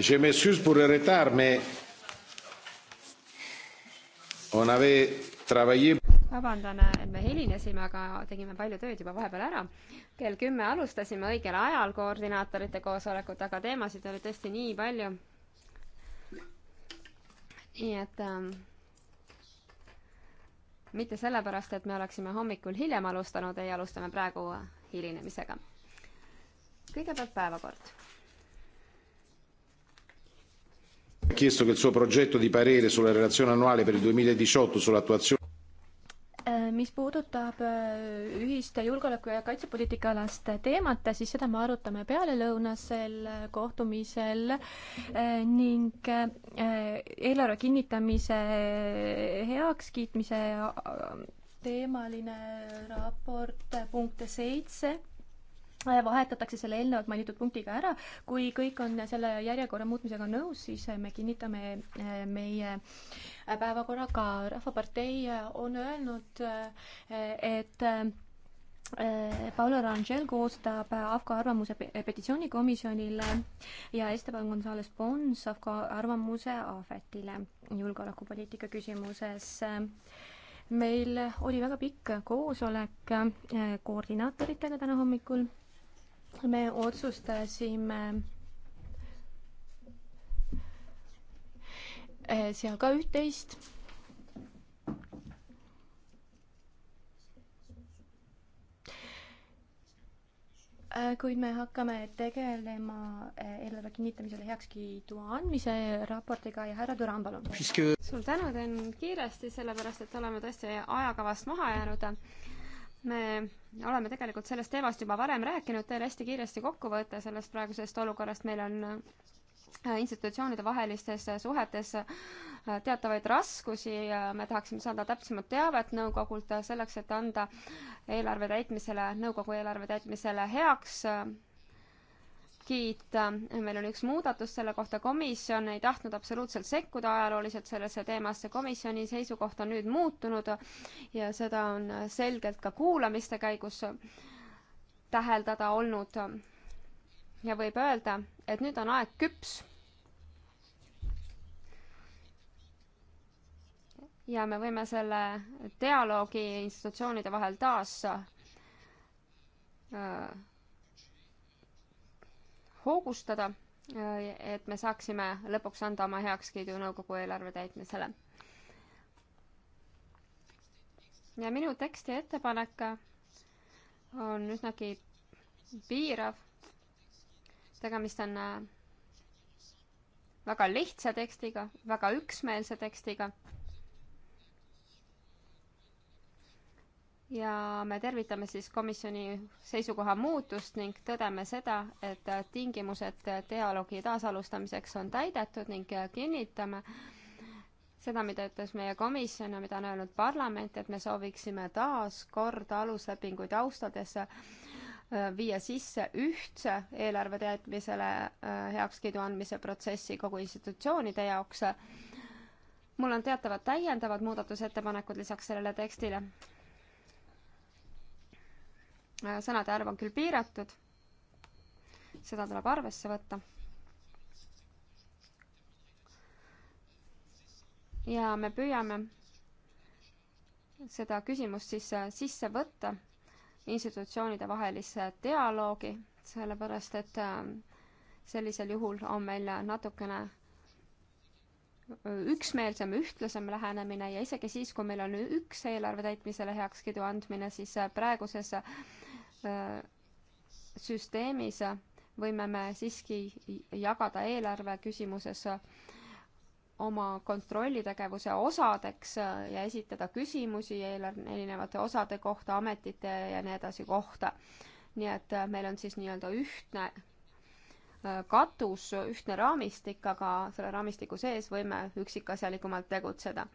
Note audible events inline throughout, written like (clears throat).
je m'excuse pour le retard mais on avait travaillé vabandan, et me helinesime, aga tegime palju tööd juba vahepeal ära. kell kümme alustasime õigel ajal koordinaatorite koosolekut, aga teemasid oli tõesti nii palju. nii et ähm, mitte sellepärast, et me oleksime hommikul hiljem alustanud, ei, alustame praegu hilinemisega. kõigepealt päevakord chiesto che il suo progetto di parere sulla relazione annuale per il 2018 sull'attuazione äh, mis puudutab äh, ühist julgeoleku- ja kaitsepoliitikaalast teemat, siis seda me arutame pealelõunasel kohtumisel äh, ning eelarve kinnitamise heakskiitmise teemaline raport punkt seitse vahetatakse selle eelnevalt mainitud punktiga ära. kui kõik on selle järjekorra muutmisega nõus, siis me kinnitame eh, meie eh, päevakorra ka. rahvapartei eh, on öelnud, et Paolo Rangel koostab AFCO arvamuse petitsioonikomisjonile ja Esteban Gonzalez Pons AFCO arvamuse AFET-ile julgeolekupoliitika küsimuses meil oli väga pikk koosolek koordinaatoritega täna hommikul me otsustasime eh, seal ka üht-teist. Eh, kuid me hakkame tegelema eh, eelarve kinnitamisele heakskiidu andmise raportiga ja härra Düran, palun. suur tänu, teen kiiresti, sellepärast et oleme tõesti ajakavast maha jäänud me oleme tegelikult sellest teemast juba varem rääkinud, teen hästi kiiresti kokkuvõtte sellest praegusest olukorrast, meil on äh, institutsioonide vahelistes äh, suhetes äh, teatavaid raskusi ja me tahaksime saada täpsemat teavet nõukogult selleks, et anda eelarve täitmisele, nõukogu eelarve täitmisele heaks kiita. meil on üks muudatus selle kohta, komisjon ei tahtnud absoluutselt sekkuda ajalooliselt sellesse teemasse, komisjoni seisukoht on nüüd muutunud ja seda on selgelt ka kuulamiste käigus täheldada olnud. ja võib öelda, et nüüd on aeg küps. ja me võime selle dialoogi institutsioonide vahel taas äh, hoogustada, äh, et me saaksime lõpuks anda oma heakskiidu nõukogu eelarve täitmisele. ja minu teksti ettepanek on üsnagi piirav. tegemist on äh, väga lihtsa tekstiga, väga üksmeelse tekstiga ja me tervitame siis komisjoni seisukoha muutust ning tõdeme seda, et tingimused dialoogi taasalustamiseks on täidetud ning kinnitame seda, mida ütles meie komisjon ja mida on öelnud parlament, et me sooviksime taas kord aluslepinguid austades äh, viia sisse ühtse eelarve täitmisele äh, heakskiidu andmise protsessi kogu institutsioonide jaoks. mul on teatavad täiendavad muudatusettepanekud lisaks sellele tekstile Äh, sõnade arv on küll piiratud, seda tuleb arvesse võtta. ja me püüame seda küsimust siis äh, sisse võtta institutsioonide vahelisse dialoogi, sellepärast et äh, sellisel juhul on meil natukene üksmeelsem, ühtlasem lähenemine ja isegi siis, kui meil on üks eelarve täitmisele heakskiidu andmine, siis praeguses Äh, süsteemis võime me siiski jagada eelarve küsimuses oma kontrollitegevuse osadeks ja esitada küsimusi eelarve erinevate osade kohta, ametite ja nii edasi kohta. nii et meil on siis nii-öelda ühtne äh, katus, ühtne raamistik, aga selle raamistiku sees võime üksikasjalikumalt tegutseda.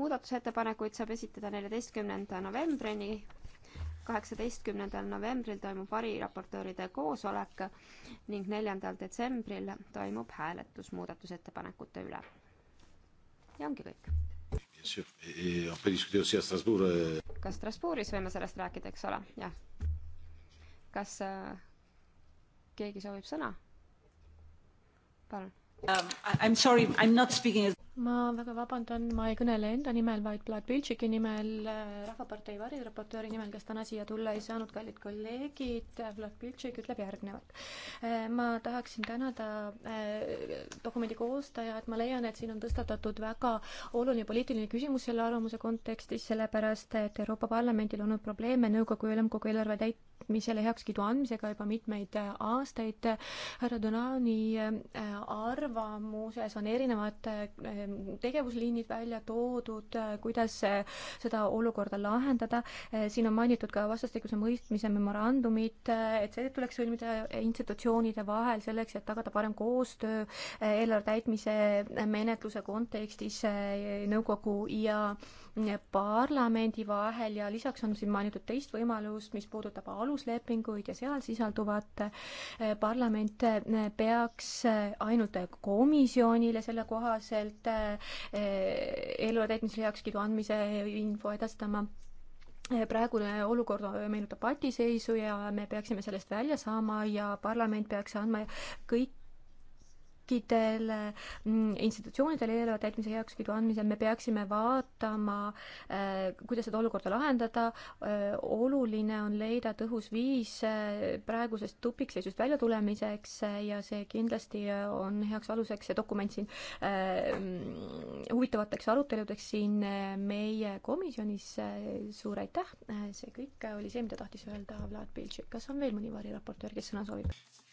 muudatusettepanekuid saab esitada neljateistkümnenda novembrini kaheksateistkümnendal novembril toimub variraportööride koosolek ning neljandal detsembril toimub hääletus muudatusettepanekute üle. ja ongi kõik. Euh. ka Strasbourgis võime sellest rääkida, eks ole, jah. kas äh, keegi soovib sõna? palun um,. I am sorry, I am not speaking as ma väga vabandan, ma ei kõnele enda nimel, vaid Vlad Piltšiki nimel, äh, Rahvapartei variraportööri nimel, kes täna siia tulla ei saanud, kallid kolleegid, Vlad Piltšik ütleb järgnevat. Äh, ma tahaksin tänada äh, dokumendi koostajat, ma leian, et siin on tõstatatud väga oluline poliitiline küsimus selle arvamuse kontekstis, sellepärast et Euroopa Parlamendil on olnud probleeme nõukogu ja ülemkogu eelarve täitmisele heakskiidu andmisega juba mitmeid aastaid. härra Donani arvamuses on erinevad tegevusliinid välja toodud, kuidas seda olukorda lahendada. siin on mainitud ka vastastikuse mõistmise memorandumit, et see tuleks sõlmida institutsioonide vahel selleks, et tagada parem koostöö eelarve täitmise menetluse kontekstis nõukogu ja parlamendi vahel ja lisaks on siin mainitud teist võimalust, mis puudutab aluslepinguid ja seal sisalduvat. Eh, parlament eh, peaks eh, ainult komisjonile selle kohaselt eelarve täitmisele heakskiidu andmise info edastama praegune olukord meenutab patiseisu ja me peaksime sellest välja saama ja parlament peaks andma kõik kõikidele mm, institutsioonidele eelarve täitmise heakskiidu andmisel me peaksime vaatama, äh, kuidas seda olukorda lahendada. Äh, oluline on leida tõhus viis äh, praegusest tupikseisust välja tulemiseks ja see kindlasti on heaks aluseks, see dokument siin, huvitavateks aruteludeks siin meie komisjonis. suur aitäh, see kõik oli see, mida tahtis öelda Vlad Piltšik. kas on veel mõni variraportöör, kes sõna soovib?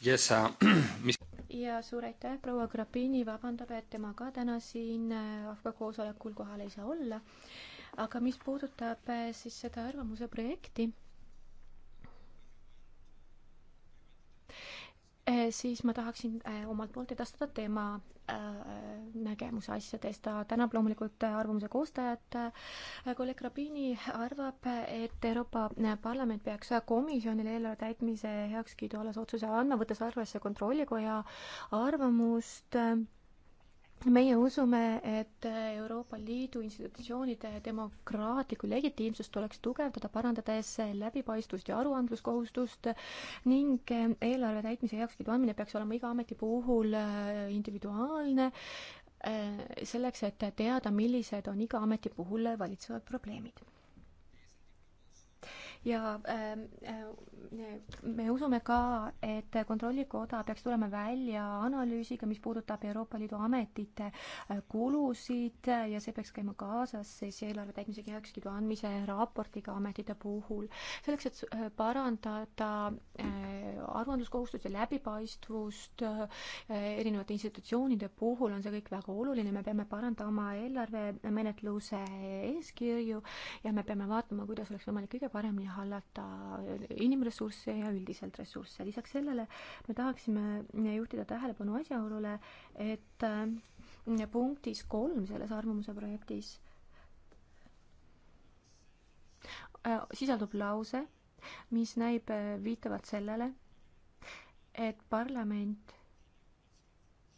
Yes, uh, (clears throat) mis ja suur aitäh, proua Grapini vabandab, et tema ka täna siin äh, AFCA koosolekul kohal ei saa olla. aga mis puudutab äh, siis seda arvamuse projekti, Äh, siis ma tahaksin äh, omalt poolt edastada tema äh, nägemuse asjadest. ta tänab loomulikult arvamuse koostajat. kolleeg Rabini arvab, et Euroopa Parlament peaks komisjonile eelarve täitmise heakskiidu alas otsuse andma, võttes arvesse Kontrollikoja arvamust meie usume, et Euroopa Liidu institutsioonide demokraatlikku legitiimsust tuleks tugevdada, parandades läbipaistvust ja aruandluskohustust ning eelarve täitmise heakskiidu andmine peaks olema iga ameti puhul äh, individuaalne, äh, selleks et teada, millised on iga ameti puhul valitsevad probleemid ja ähm, äh, me usume ka, et Kontrollikoda peaks tulema välja analüüsiga, mis puudutab Euroopa Liidu ametite äh, kulusid ja see peaks käima kaasas siis eelarve täitmise heakskiidu andmise raportiga ametite puhul. selleks, et äh, parandada aruandluskohustust ja läbipaistvust äh, erinevate institutsioonide puhul on see kõik väga oluline, me peame parandama eelarvemenetluse eeskirju ja me peame vaatama, kuidas oleks võimalik kõige paremini hallata inimressursse ja üldiselt ressursse. lisaks sellele me tahaksime juhtida tähelepanu asjaolule, et äh, punktis kolm selles arvamuse projektis äh, sisaldub lause, mis näib viitavat sellele, et parlament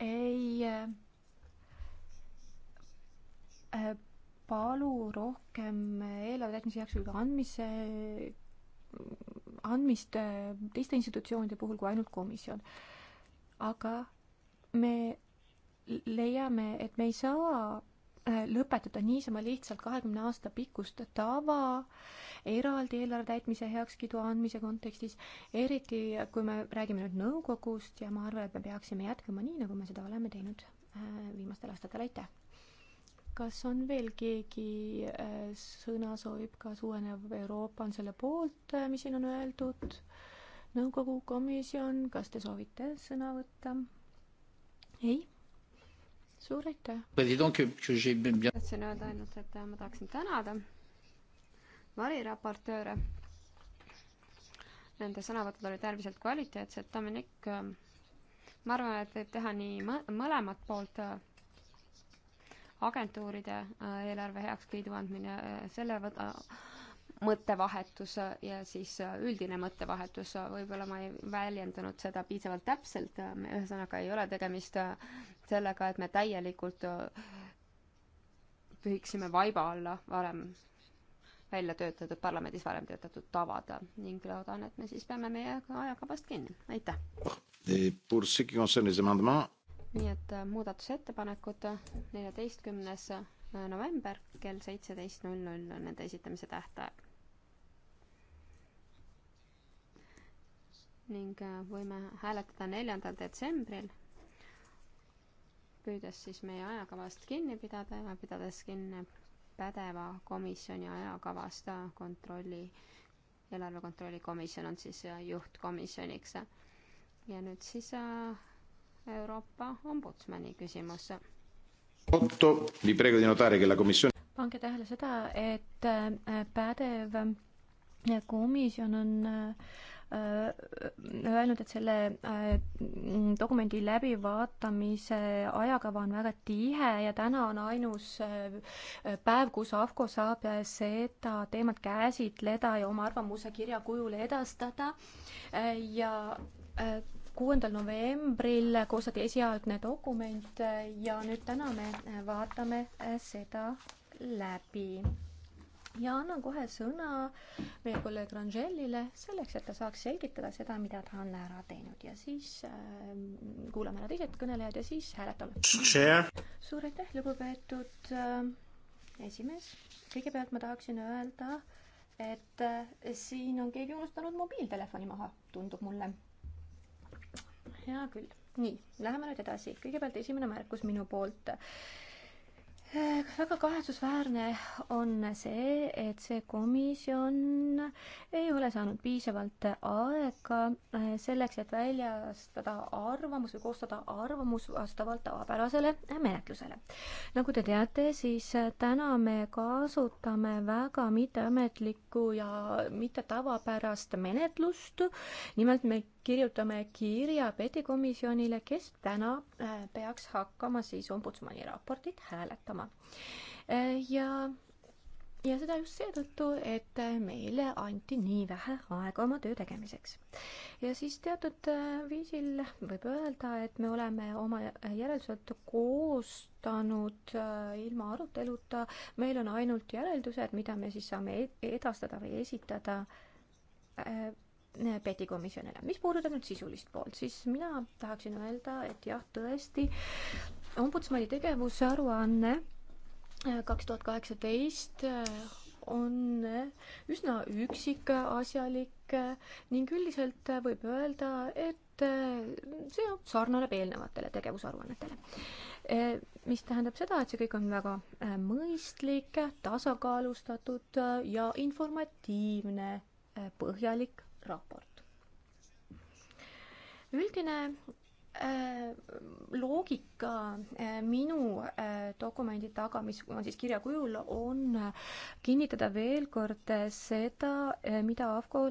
ei äh, palu rohkem eelarve täitmise heakskiidu andmise, andmist äh, teiste institutsioonide puhul kui ainult komisjon. aga me leiame, et me ei saa Äh, lõpetada niisama lihtsalt kahekümne aasta pikkust tava eraldi eelarve täitmise heakskiidu andmise kontekstis, eriti kui me räägime nüüd nõukogust ja ma arvan, et me peaksime jätkama nii, nagu me seda oleme teinud äh, viimastel aastatel, aitäh! kas on veel keegi äh, sõna soovib, kas uuenev Euroopa on selle poolt, mis siin on öeldud? nõukogu komisjon, kas te soovite sõna võtta? ei suur aitäh! tahtsin öelda ainult, et äh, ma tahaksin tänada variraportööre. Nende sõnavõtud olid äärmiselt kvaliteetsed, Dominic, ähm, ma arvan, et võib teha nii mõlemat poolt äh, agentuuride äh, eelarve heakskiidu andmine, selle võta, mõttevahetus ja siis äh, üldine mõttevahetus, võib-olla ma ei väljendanud seda piisavalt täpselt, äh, ühesõnaga ei ole tegemist äh, sellega, et me täielikult pühiksime vaiba alla varem välja töötatud, parlamendis varem töötatud tavad ning loodan, et me siis peame meie ajakavast kinni, aitäh! nii et muudatusettepanekud neljateistkümnes november kell seitseteist null null on nende esitamise tähtaeg. ning äh, võime hääletada neljandal detsembril, püüdes siis meie ajakavast kinni pidada ja pidades kinni pädeva komisjoni ajakavast äh, kontrolli, eelarve kontrolli komisjon on siis äh, juhtkomisjoniks. ja nüüd siis Euroopa ombudsmani küsimus. pange tähele seda, et pädev komisjon on äh, Äh, äh, öelnud, et selle äh, dokumendi läbivaatamise ajakava on väga tihe ja täna on ainus päev, kus AFCO saab seda teemat käsitleda ja oma arvamuse kirja kujul edastada ja kuuendal novembril koostati esialgne dokument ja nüüd täna me vaatame seda läbi ja annan kohe sõna meie kolleeg Rangelile selleks, et ta saaks selgitada seda, mida ta on ära teinud ja siis äh, kuulame ära teised kõnelejad ja siis hääletame. suur aitäh, lugupeetud äh, esimees. kõigepealt ma tahaksin öelda, et äh, siin on keegi unustanud mobiiltelefoni maha, tundub mulle. hea küll, nii, läheme nüüd edasi. kõigepealt esimene märkus minu poolt äh, väga kahetsusväärne on see, et see komisjon ei ole saanud piisavalt aega eh, selleks, et väljastada arvamus või koostada arvamus vastavalt tavapärasele menetlusele. nagu te teate, siis täna me kasutame väga mitteametlikku ja mitte tavapärast menetlust. nimelt me kirjutame kirja petikomisjonile, kes täna äh, peaks hakkama siis ombudsmani raportit hääletama. Äh, ja, ja seda just seetõttu, et äh, meile anti nii vähe aega oma töö tegemiseks. ja siis teatud viisil võib öelda, et me oleme oma järeldused koostanud ilma aruteluta, meil on ainult järeldused, mida me siis saame e-, edastada või esitada Äh, petikomisjonile. mis puudutab nüüd sisulist poolt, siis mina tahaksin öelda, et jah, tõesti, ombudsmani tegevuse aruanne äh, kaks tuhat kaheksateist äh, on üsna üksikasjalik ning üldiselt võib öelda, et see sarnaneb eelnevatele tegevusaruannetele. mis tähendab seda, et see kõik on väga mõistlik, tasakaalustatud ja informatiivne, põhjalik raport. üldine äh, loogika äh, minu äh, dokumendi taga, mis on siis kirja kujul, on kinnitada veel kord seda, mida AFCO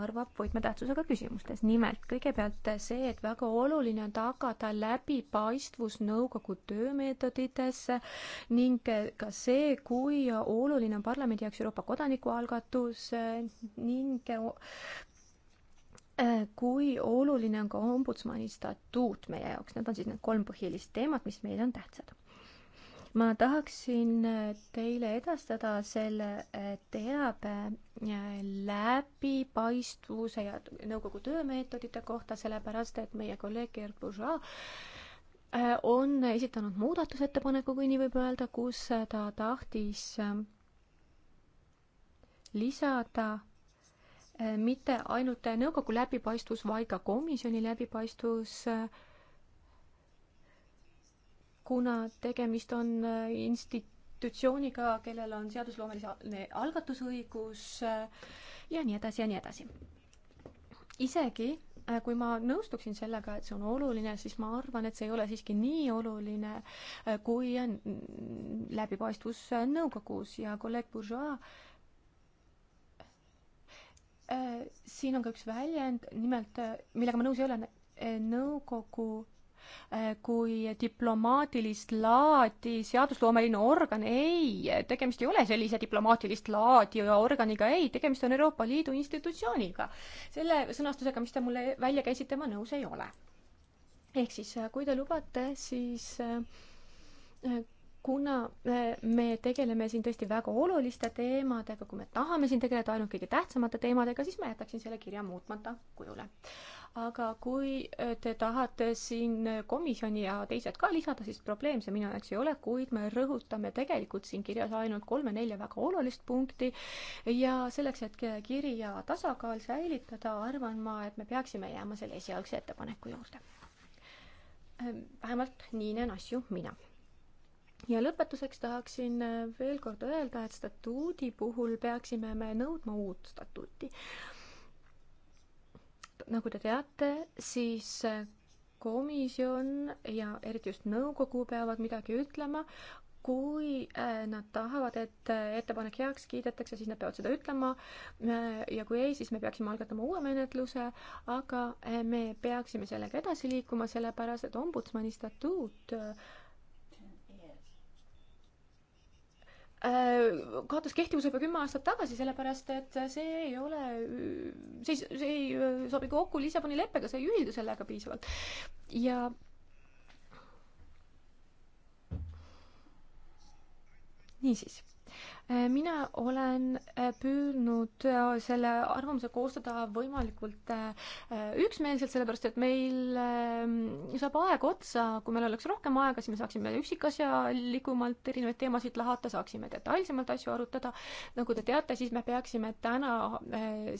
arvab võtmetähtsusega küsimustes. nimelt kõigepealt see, et väga oluline on tagada läbipaistvus nõukogu töömeetodites ning ka see, kui oluline on parlamendi jaoks Euroopa kodanikualgatus ning Äh, kui oluline on ka ombudsmani statuut meie jaoks, need on siis need kolm põhilist teemat, mis meile on tähtsad. ma tahaksin äh, teile edastada selle äh, teabe läbipaistvuse ja nõukogu töömeetodite kohta, sellepärast et meie kolleeg Gerd Bourgeois on esitanud muudatusettepaneku, kui nii võib öelda, kus ta tahtis lisada Äh, mitte ainult nõukogu läbipaistvus, vaid ka komisjoni läbipaistvus, kuna tegemist on äh, institutsiooniga, kellel on seadusloomeline algatusõigus äh, ja nii edasi ja nii edasi. isegi kui ma nõustuksin sellega, et see on oluline, siis ma arvan, et see ei ole siiski nii oluline kui läbipaistvus nõukogus ja kolleeg Bourgeois Äh, siin on ka üks väljend, nimelt, äh, millega ma nõus ei ole, äh, nõukogu kui diplomaatilist laadi seadusloomeline organ, ei, tegemist ei ole sellise diplomaatilist laadi organiga, ei, tegemist on Euroopa Liidu institutsiooniga. selle sõnastusega, mis te mulle välja käisite, ma nõus ei ole. ehk siis, kui te lubate, siis kuna äh, me tegeleme siin tõesti väga oluliste teemadega, kui me tahame siin tegeleda ainult kõige tähtsamate teemadega, siis ma jätaksin selle kirja muutmata kujule. aga kui äh, te tahate siin komisjoni ja teised ka lisada, siis probleem see minu jaoks ei ole, kuid me rõhutame tegelikult siin kirjas ainult kolme-nelja väga olulist punkti ja selleks, et kirja tasakaal säilitada, arvan ma, et me peaksime jääma selle esialgse ettepaneku juurde. Äh, vähemalt nii näen asju mina ja lõpetuseks tahaksin äh, veel kord öelda, et statuudi puhul peaksime me nõudma uut statuuti. nagu te teate, siis äh, komisjon ja eriti just nõukogu peavad midagi ütlema, kui äh, nad tahavad, et ettepanek heaks kiidetakse, siis nad peavad seda ütlema ja kui ei, siis me peaksime algatama uue menetluse, aga me peaksime sellega edasi liikuma, sellepärast et ombudsmani statuut äh, Äh, kaotas kehtivuse juba kümme aastat tagasi, sellepärast et see ei ole, see ei, see ei äh, sobi kokku Lissaboni leppega, see ei ühildu sellega piisavalt. ja niisiis Äh, mina olen äh, püüdnud äh, selle arvamuse koostada võimalikult üksmeelselt, sellepärast et meil ähm, saab aeg otsa, kui meil oleks rohkem aega, siis me saaksime üksikasjalikumalt erinevaid teemasid lahata, saaksime detailsemalt asju arutada. nagu te teate, siis me peaksime täna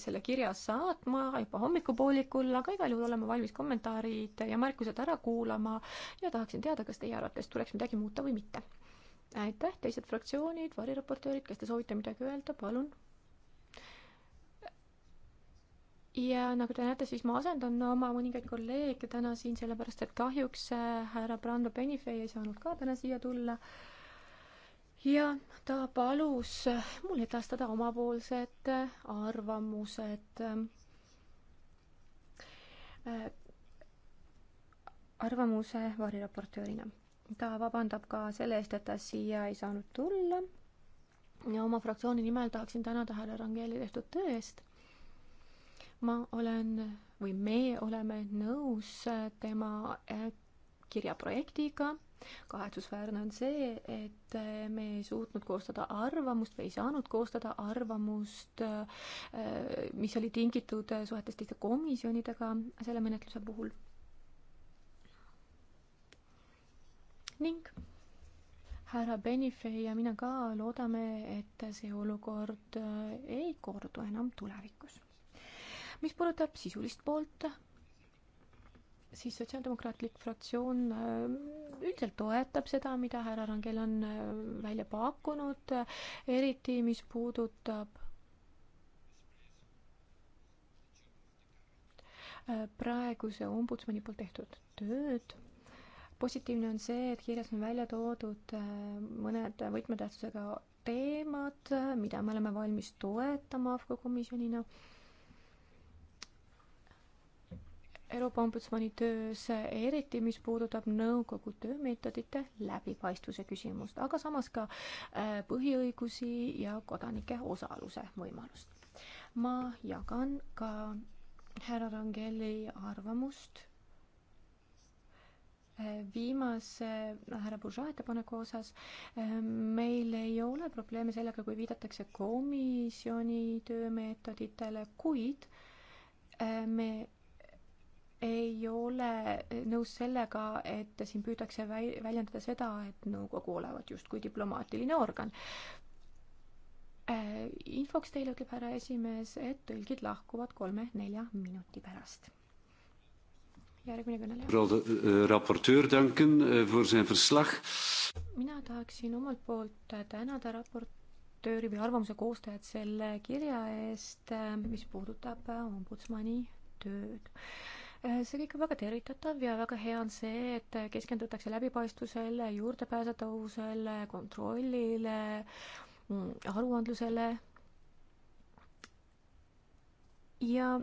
selle kirja saatma juba hommikupoolikul, aga igal juhul oleme valmis kommentaarid ja märkused ära kuulama ja tahaksin teada, kas teie arvates tuleks midagi muuta või mitte aitäh, teised fraktsioonid, variraportöörid, kes te soovite midagi öelda, palun. ja nagu te näete, siis ma asendan oma mõningaid kolleege täna siin, sellepärast et kahjuks äh, härra Brando Benifei ei saanud ka täna siia tulla. ja ta palus äh, mul edastada omapoolsed äh, arvamused arvamuse variraportöörina ta vabandab ka selle eest, et ta siia ei saanud tulla. ja oma fraktsiooni nimel tahaksin tänada härra Rangeli tehtud töö eest. ma olen või me oleme nõus tema eh, kirjaprojektiga. kahetsusväärne on see, et eh, me ei suutnud koostada arvamust või ei saanud koostada arvamust, eh, mis oli tingitud suhetest teiste komisjonidega selle menetluse puhul ning härra Benifei ja mina ka loodame, et see olukord äh, ei kordu enam tulevikus. mis puudutab sisulist poolt, siis Sotsiaaldemokraatlik fraktsioon äh, üldiselt toetab seda, mida härra Rangel on äh, välja pakkunud, eriti mis puudutab praeguse ombudsmani poolt tehtud tööd positiivne on see, et kirjas on välja toodud äh, mõned võtmetähtsusega teemad, mida me oleme valmis toetama AFCO komisjonina. Euroopa Ombudsmani töös, eriti mis puudutab nõukogu töömeetodite läbipaistvuse küsimust, aga samas ka äh, põhiõigusi ja kodanike osaluse võimalust. ma jagan ka härra Rangeli arvamust viimase noh, härra Bourgeois ettepaneku osas ehm, meil ei ole probleeme sellega, kui viidatakse komisjoni töömeetoditele, kuid ehm, me ei ole nõus sellega, et siin püütakse väi-, väljendada seda, et nõukogu olevat justkui diplomaatiline organ. Ehm, infoks teile, ütleb härra esimees, et tõlgid lahkuvad kolme-nelja minuti pärast järgmine kõneleja. Eh, eh, raportöör Duncan eh, voor zijn verslag. mina tahaksin omalt poolt tänada raportööri või arvamuse koostajat selle kirja eest, mis puudutab ombudsmani tööd see kõik on väga tervitatav ja väga hea on see, et keskendutakse läbipaistvusele, juurdepääsetavusele, kontrollile, mm, aruandlusele. ja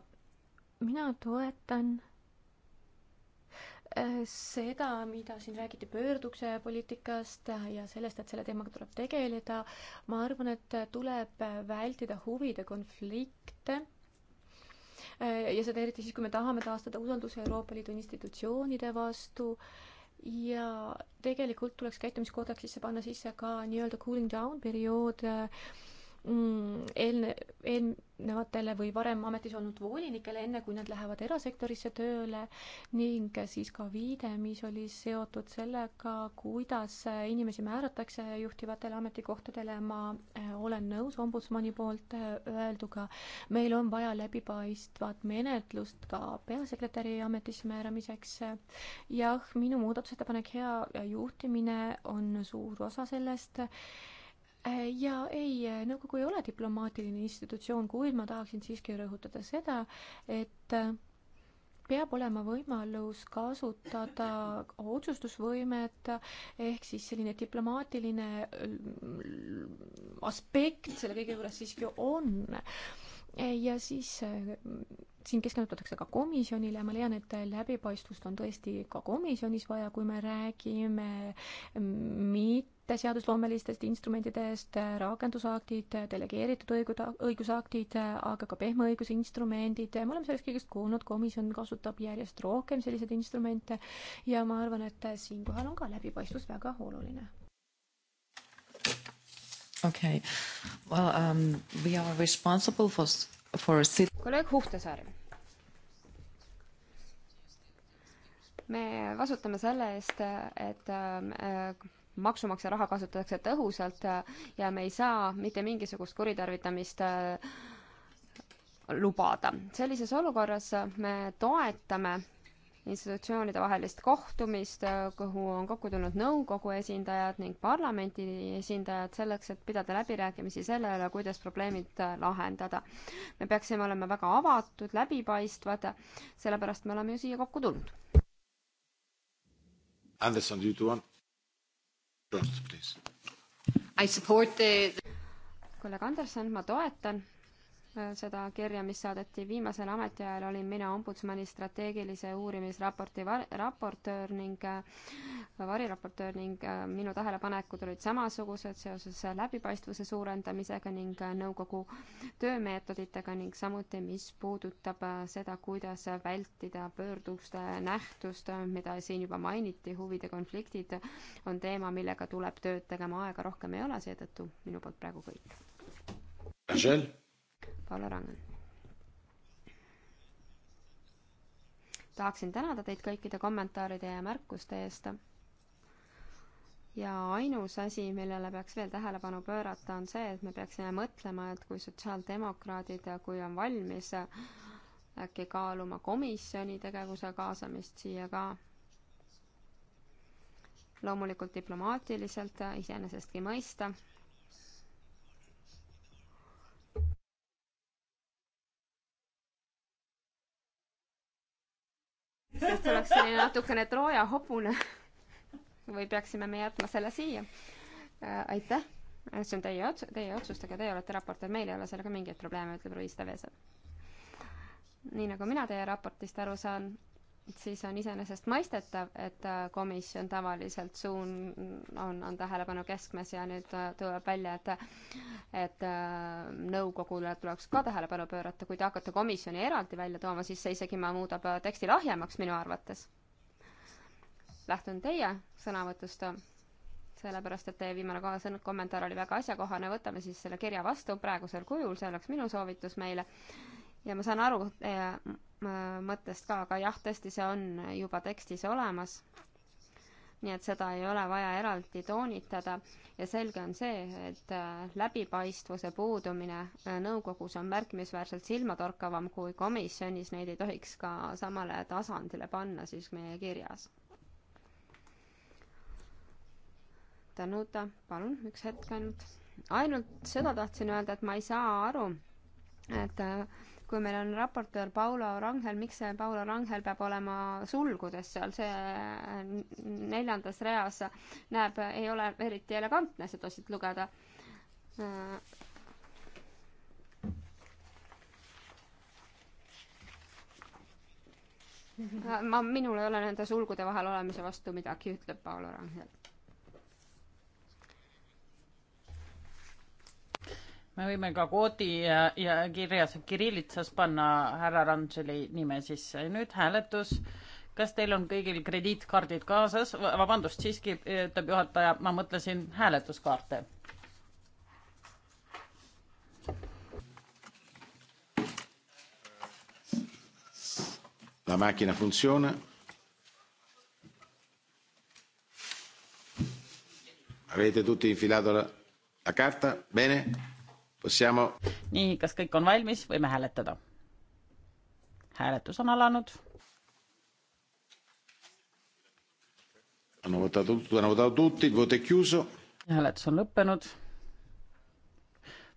mina toetan seda, mida siin räägiti pöördukse poliitikast ja sellest, et selle teemaga tuleb tegeleda, ma arvan, et tuleb vältida huvide konflikte. ja seda eriti siis, kui me tahame taastada usalduse Euroopa Liidu institutsioonide vastu ja tegelikult tuleks käitumiskoodeksisse panna sisse ka nii-öelda cooling down periood mm, eelne, eel-, erinevatele või varem ametis olnud volinikele, enne kui nad lähevad erasektorisse tööle ning siis ka viide, mis oli seotud sellega, kuidas inimesi määratakse juhtivatele ametikohtadele, ma äh, olen nõus ombudsmani poolt äh, öelduga. meil on vaja läbipaistvat menetlust ka peasekretäri ametisse määramiseks. jah, minu muudatusettepanek hea juhtimine on suur osa sellest Äh, ja ei, äh, nõukogu ei ole diplomaatiline institutsioon, kuid ma tahaksin siiski rõhutada seda, et äh, peab olema võimalus kasutada otsustusvõimet, ehk siis selline diplomaatiline aspekt selle kõige juures siiski on. ja siis siin keskendutakse ka komisjonile, ma leian, et läbipaistvust on tõesti ka komisjonis vaja, kui me räägime mm, mit-, mitteseadusloomelistest instrumentidest, rakendusaktid, delegeeritud õigud, õigusaktid, aga ka pehme õiguse instrumendid, me oleme sellest kõigest kuulnud, komisjon kasutab järjest rohkem selliseid instrumente ja ma arvan, et siinkohal on ka läbipaistvus väga oluline. okei okay., well um, we are responsible for, for kolleeg Huhtasaar me vastutame selle eest, et äh, maksumaksja raha kasutatakse tõhusalt äh, ja me ei saa mitte mingisugust kuritarvitamist äh, lubada. sellises olukorras äh, me toetame institutsioonide vahelist kohtumist, kuhu on kokku tulnud nõukogu esindajad ning parlamendi esindajad selleks, et pidada läbirääkimisi selle üle, kuidas probleemid lahendada. me peaksime olema väga avatud, läbipaistvad, sellepärast me oleme ju siia kokku tulnud. Anderson, do you want? kolleeg Anderson, ma toetan Äh, seda kirja, mis saadeti viimasel ametiajal, olin mina ombudsmani strateegilise uurimisraporti var-, raportöör ning äh, variraportöör ning äh, minu tähelepanekud olid samasugused seoses läbipaistvuse suurendamisega ning nõukogu töömeetoditega ning samuti, mis puudutab seda, kuidas vältida pöörduste nähtust, mida siin juba mainiti, huvide konfliktid on teema, millega tuleb tööd tegema, aega rohkem ei ole, seetõttu minu poolt praegu kõik. Angel? Paula Rangen. tahaksin tänada teid kõikide kommentaaride ja märkuste eest. ja ainus asi, millele peaks veel tähelepanu pöörata, on see, et me peaksime mõtlema, et kui sotsiaaldemokraadid, kui on valmis äkki kaaluma komisjoni tegevuse kaasamist siia ka. loomulikult diplomaatiliselt iseenesestki mõista sest oleks selline natukene Trooja hobune. või peaksime me jätma selle siia? Äh, aitäh, see on teie ots-, teie otsustage, teie olete raportöör, meil ei ole sellega mingeid probleeme, ütleb Ruiz Devesa. nii nagu mina teie raportist aru saan, siis on iseenesestmõistetav, et äh, komisjon tavaliselt suun-, on, on tähelepanu keskmes ja nüüd äh, tuleb välja, et et äh, nõukogule tuleks ka tähelepanu pöörata, kui te hakkate komisjoni eraldi välja tooma, siis see isegi muudab teksti lahjemaks minu arvates. lähtun teie sõnavõtust, sellepärast et teie viimane sõn-, kommentaar oli väga asjakohane, võtame siis selle kirja vastu praegusel kujul, see oleks minu soovitus meile ja ma saan aru teie mõttest ka, aga jah, tõesti, see on juba tekstis olemas. nii et seda ei ole vaja eraldi toonitada ja selge on see, et e, läbipaistvuse puudumine e, nõukogus on märkimisväärselt silmatorkavam kui komisjonis, neid ei tohiks ka samale tasandile panna siis meie kirjas. Danuta, palun, üks hetk ainult. ainult seda tahtsin öelda, et ma ei saa aru, et äh, kui meil on raportöör Paulo Rangel, miks see Paulo Rangel peab olema sulgudes seal, see neljandas reas näeb, ei ole eriti elegantne seda siit lugeda. ma, minul ei ole nende sulgude vahel olemise vastu midagi, ütleb Paolo Rangel me võime ka koodi ja, ja kirjas kirillitsas panna härra Randželi nime sisse. nüüd hääletus. kas teil on kõigil krediitkaardid kaasas? vabandust, siiski ütleb juhataja, ma mõtlesin hääletuskaarte La macchina funziona. Avete tutti infilato la, la carta? Bene? Possiamo... nii, kas kõik on valmis, võime hääletada? hääletus on alanud. hääletus on lõppenud